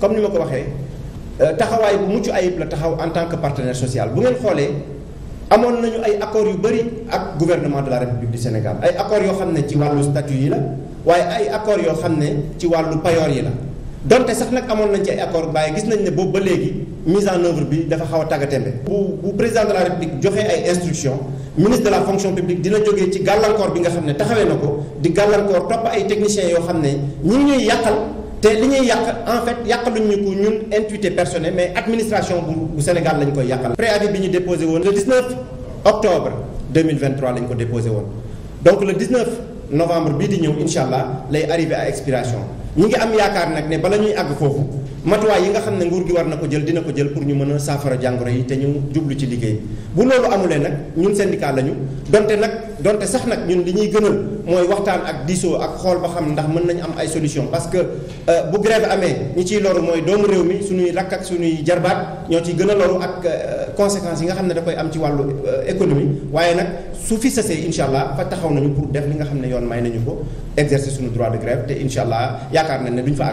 comme ni ma ko waxee euh, taxawaay bu mucc ayib la taxaw en tant que partenaire social bu ngeen xoolee amoon nañu ay accords yu bëri ak gouvernement de la république du Sénégal ay accords yoo xam ne ci wàllu statut yi la waaye ay accords yoo xam ne ci wàllu payoor yi la donte sax nag amoon nañ ci ay accords waaye gis nañ ne boobu ba léegi mise en œuvre bi dafa xaw a tàggatémbe bu bu président de la république joxe ay instructions ministre de la fonction publique jógee ci gàllankoor bi nga xam ne taxawee na ko di gàllankoor topp ay techniciens yoo xam ne ñu ngi yàqal. te li ñuy yàq en yàq yàqaluñ ñu ko ñun entité personnelle mais administration bu bu Sénégal lañ koy yàqal. préavis bi ñu déposé woon le 19 octobre 2023 lañ ko déposé woon donc le 19 novembre bii di ñëw incha allah lay arrivé à expiration. ñi ngi am yaakaar nag ne bala ñuy àgg foofu matuwaay yi nga xam ne nguur gi war na ko jël dina ko jël pour ñu mën a saafara jàngoro yi te ñu jublu ci liggéey bu loolu amulee nag ñun syndicat lañu donte nag donte sax nag ñun li ñuy gënal mooy waxtaan ak diisoo ak xool ba xam ndax mën nañu am ay solution parce que euh, bu grève amee ñi ciy loru mooy doomu réew mi suñuy rakk ak suñuy jarbaat ñoo ciy gën a loru ak euh, conséquences yi nga xam ne da am ci wàllu euh, économie waaye nag su fi sasee incha allah fa taxaw nañu pour def li nga xam ne yoon may nañu ko exercer suñu droit de te incha allah yaakaar nañ ne duñ fa